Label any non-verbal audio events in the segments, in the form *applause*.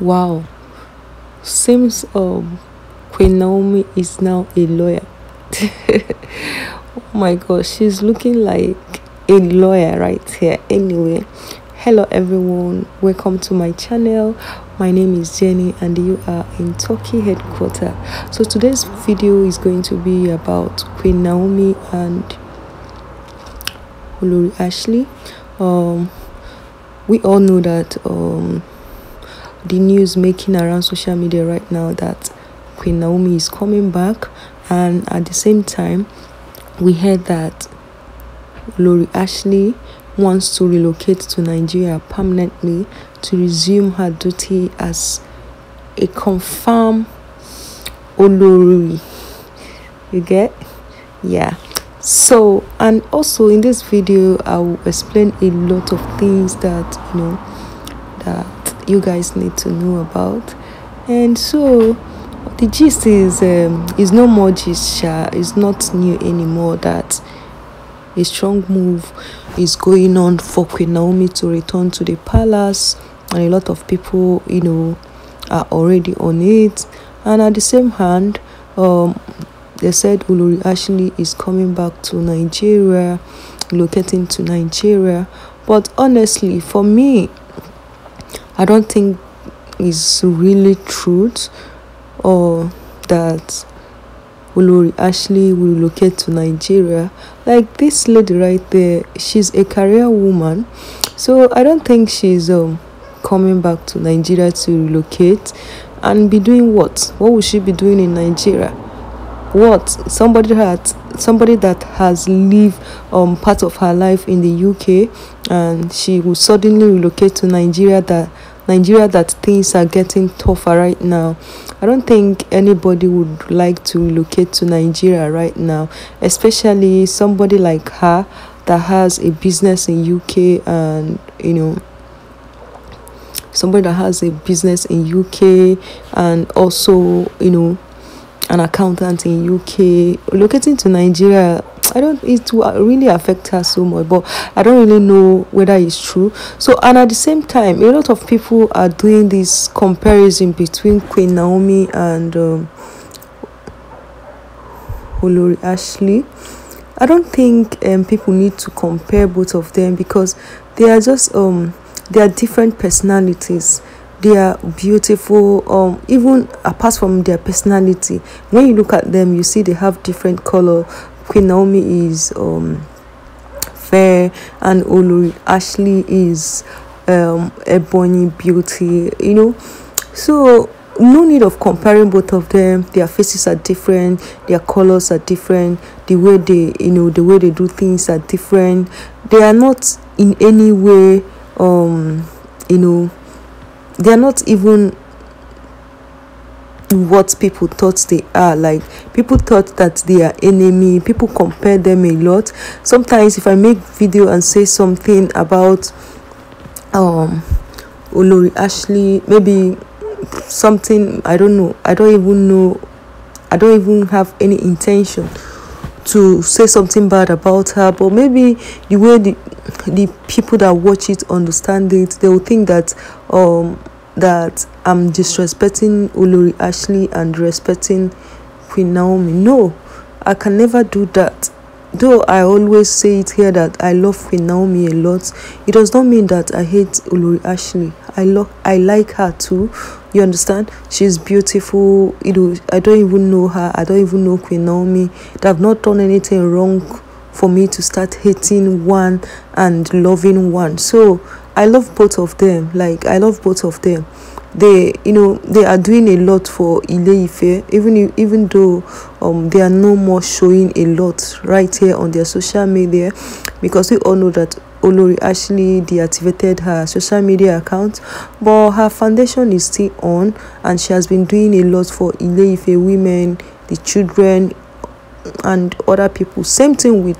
Wow. Seems um Queen Naomi is now a lawyer. *laughs* oh my gosh, she's looking like a lawyer right here. Anyway, hello everyone, welcome to my channel. My name is Jenny and you are in Turkey headquarters. So today's video is going to be about Queen Naomi and Olori Ashley. Um, we all know that um the news making around social media right now that Queen Naomi is coming back, and at the same time, we heard that Lori Ashley wants to relocate to Nigeria permanently to resume her duty as a confirmed Olori. You get? Yeah. So, and also in this video, I will explain a lot of things that you know that you guys need to know about and so the gist is um, is no more gist sha it's not new anymore that a strong move is going on for queen naomi to return to the palace and a lot of people you know are already on it and at the same hand um, they said uluri ashley is coming back to nigeria locating to nigeria but honestly for me I don't think is really truth or that will Ashley actually relocate to Nigeria. Like this lady right there, she's a career woman. So I don't think she's um, coming back to Nigeria to relocate and be doing what? What will she be doing in Nigeria? what somebody that somebody that has lived um part of her life in the UK and she will suddenly relocate to Nigeria that Nigeria that things are getting tougher right now. I don't think anybody would like to relocate to Nigeria right now, especially somebody like her that has a business in UK and you know somebody that has a business in UK and also you know an accountant in UK, relocating to Nigeria. I don't. It will really affect her so much, but I don't really know whether it's true. So, and at the same time, a lot of people are doing this comparison between Queen Naomi and um, Ashley. I don't think um, people need to compare both of them because they are just um they are different personalities they are beautiful um even apart from their personality when you look at them you see they have different color queen naomi is um fair and Olu ashley is um ebony beauty you know so no need of comparing both of them their faces are different their colors are different the way they you know the way they do things are different they are not in any way um you know they're not even what people thought they are like people thought that they are enemy people compare them a lot sometimes if i make video and say something about um olori ashley maybe something i don't know i don't even know i don't even have any intention to say something bad about her but maybe the way the the people that watch it understand it they will think that um that i'm disrespecting olori ashley and respecting queen naomi no i can never do that though i always say it here that i love queen naomi a lot it does not mean that i hate olori ashley i love i like her too you understand? She's beautiful. You know, I don't even know her. I don't even know Queen Naomi. They have not done anything wrong for me to start hating one and loving one. So I love both of them. Like I love both of them. They, you know, they are doing a lot for Ile-Ife, even even though um they are no more showing a lot right here on their social media, because we all know that Olori Ashley deactivated her social media account, but her foundation is still on and she has been doing a lot for Ileife women, the children, and other people. Same thing with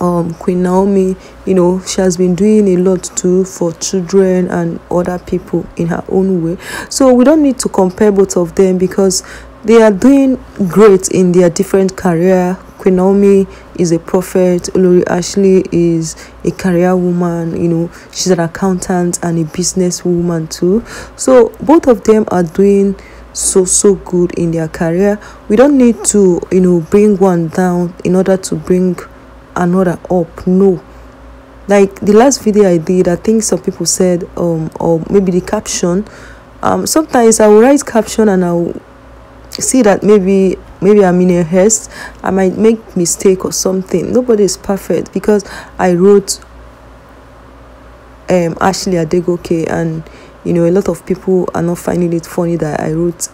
um, Queen Naomi, you know, she has been doing a lot too for children and other people in her own way. So we don't need to compare both of them because they are doing great in their different career Queen Naomi is a prophet, Lori Ashley is a career woman, you know, she's an accountant and a business woman too. So both of them are doing so so good in their career. We don't need to, you know, bring one down in order to bring another up. No. Like the last video I did, I think some people said um or maybe the caption. Um sometimes I will write caption and I'll see that maybe maybe i'm in a haste i might make mistake or something nobody is perfect because i wrote um ashley adegoke and you know a lot of people are not finding it funny that i wrote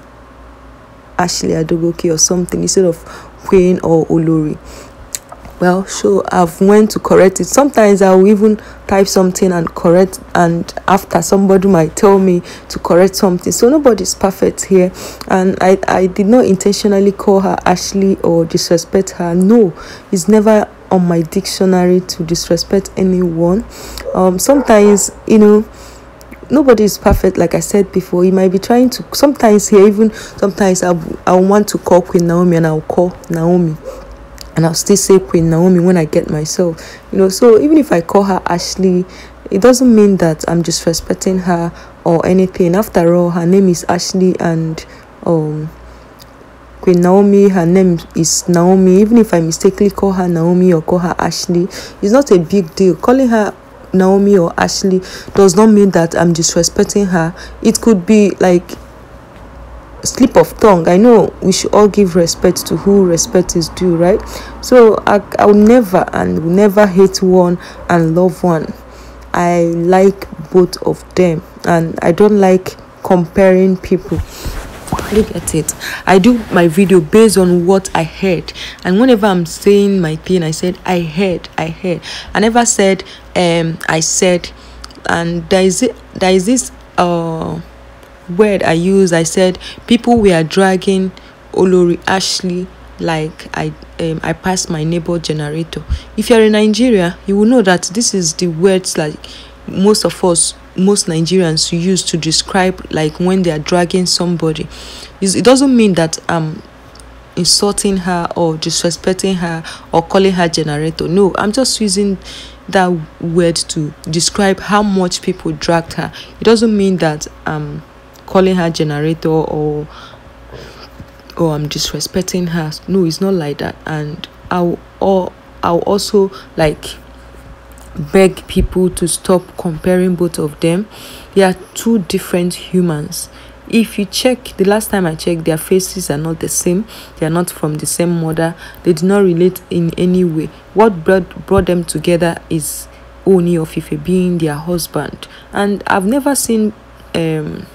ashley adegoke or something instead of queen or olori well so i've went to correct it sometimes i'll even type something and correct and after somebody might tell me to correct something so nobody's perfect here and i i did not intentionally call her ashley or disrespect her no it's never on my dictionary to disrespect anyone um sometimes you know nobody is perfect like i said before you might be trying to sometimes here even sometimes i i want to call queen naomi and i'll call naomi and I'll still say Queen Naomi when I get myself. You know, so even if I call her Ashley, it doesn't mean that I'm just respecting her or anything. After all, her name is Ashley and um Queen Naomi, her name is Naomi. Even if I mistakenly call her Naomi or call her Ashley, it's not a big deal. Calling her Naomi or Ashley does not mean that I'm disrespecting her. It could be like slip of tongue i know we should all give respect to who respect is due right so i i'll never and will never hate one and love one i like both of them and i don't like comparing people look at it i do my video based on what i heard and whenever i'm saying my thing i said i heard i heard i never said um i said and there is there is this uh word I used, I said people were dragging Olori Ashley like I um, I passed my neighbor generator. If you're in Nigeria, you will know that this is the words like most of us most Nigerians use to describe like when they are dragging somebody. It doesn't mean that um insulting her or disrespecting her or calling her generator. No, I'm just using that word to describe how much people dragged her. It doesn't mean that um calling her generator or oh, I'm disrespecting her. No, it's not like that. And I'll or I'll also like beg people to stop comparing both of them. They are two different humans. If you check the last time I checked, their faces are not the same. They are not from the same mother. They do not relate in any way. What brought brought them together is Oni of being their husband. And I've never seen um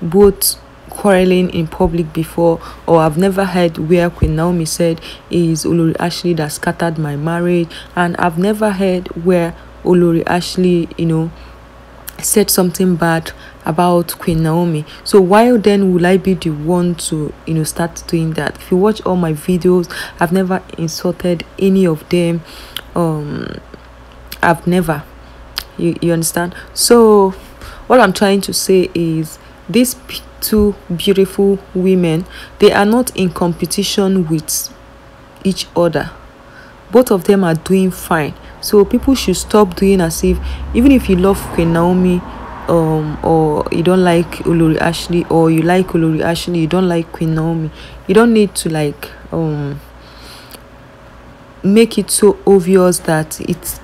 both quarreling in public before or I've never heard where Queen Naomi said is Olori Ashley that scattered my marriage and I've never heard where Olori Ashley, you know, said something bad about Queen Naomi. So why then would I be the one to, you know, start doing that? If you watch all my videos, I've never insulted any of them. Um, I've never. You, you understand? So what I'm trying to say is these two beautiful women they are not in competition with each other both of them are doing fine so people should stop doing as if even if you love Queen Naomi um or you don't like Olori Ashley or you like Olori Ashley you don't like Queen Naomi you don't need to like um make it so obvious that it's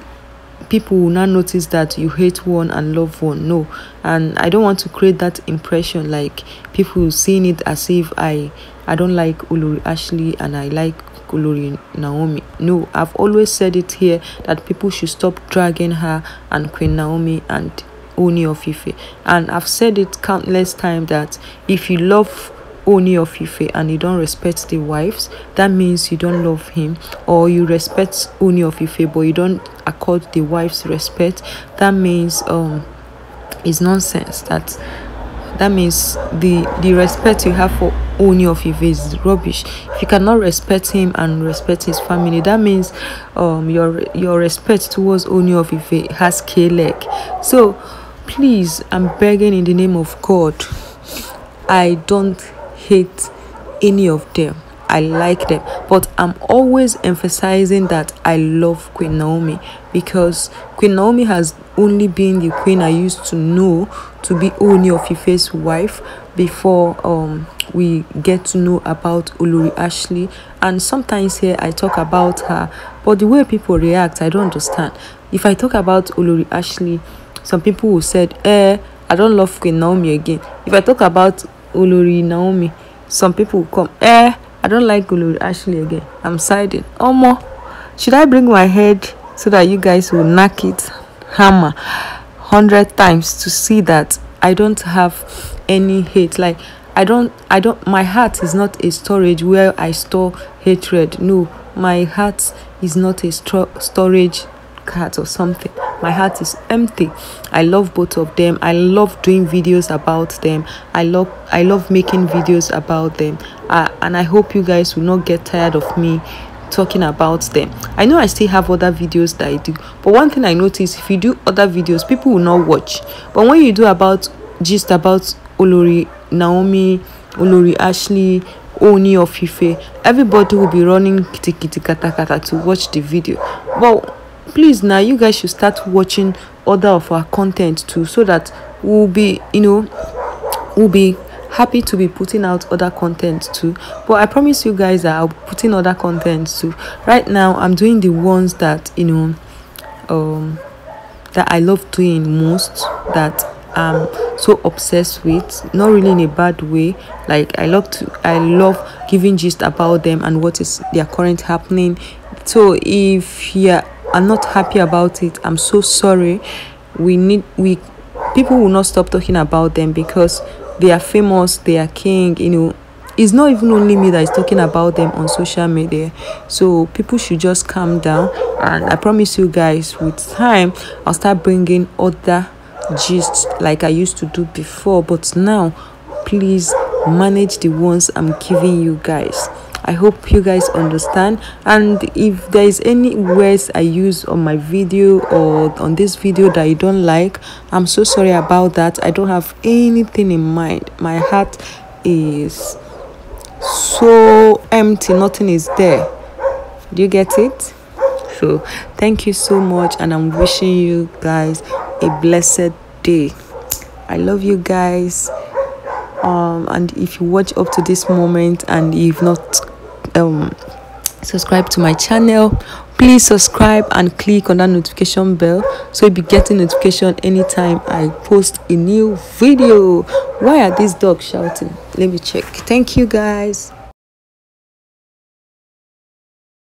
people will not notice that you hate one and love one no and i don't want to create that impression like people seeing it as if i i don't like olori ashley and i like olori naomi no i've always said it here that people should stop dragging her and queen naomi and oni of ife and i've said it countless times that if you love Oni of and you don't respect the wives, that means you don't love him. Or you respect Oni of but you don't accord the wives respect, that means um it's nonsense that that means the the respect you have for Oni of is rubbish. If you cannot respect him and respect his family, that means um your your respect towards Oni of has K leg. So please, I'm begging in the name of God. I don't hate any of them. I like them, but I'm always emphasizing that I love Queen Naomi because Queen Naomi has only been the queen I used to know to be Oni of Ife's wife before um, we get to know about Olori Ashley. And sometimes here I talk about her, but the way people react, I don't understand. If I talk about Olori Ashley, some people will said, eh, I don't love Queen Naomi again. If I talk about Uluri Naomi. Some people come, eh, I don't like Uluri Ashley again. I'm siding. Omo, should I bring my head so that you guys will knock it hammer 100 times to see that I don't have any hate? Like, I don't, I don't, my heart is not a storage where I store hatred. No, my heart is not a storage cart or something my heart is empty i love both of them i love doing videos about them i love i love making videos about them uh, and i hope you guys will not get tired of me talking about them i know i still have other videos that i do but one thing i notice if you do other videos people will not watch but when you do about just about olori naomi olori ashley oni or Fife, everybody will be running kiti kiti kata kata to watch the video but please now you guys should start watching other of our content too so that we'll be you know we'll be happy to be putting out other content too but i promise you guys that i'll be putting other content too right now i'm doing the ones that you know um that i love doing most that i'm so obsessed with not really in a bad way like i love to i love giving gist about them and what is their current happening so if you're I'm not happy about it. I'm so sorry. We need we people will not stop talking about them because they are famous, they are king, you know. It's not even only me that is talking about them on social media. So people should just calm down and I promise you guys with time I'll start bringing other gist like I used to do before but now please manage the ones I'm giving you guys i hope you guys understand and if there is any words i use on my video or on this video that you don't like i'm so sorry about that i don't have anything in mind my heart is so empty nothing is there do you get it so thank you so much and i'm wishing you guys a blessed day i love you guys um, and if you watch up to this moment and you've not um, subscribe to my channel please subscribe and click on that notification bell so you'll be getting notification anytime i post a new video why are these dogs shouting let me check thank you guys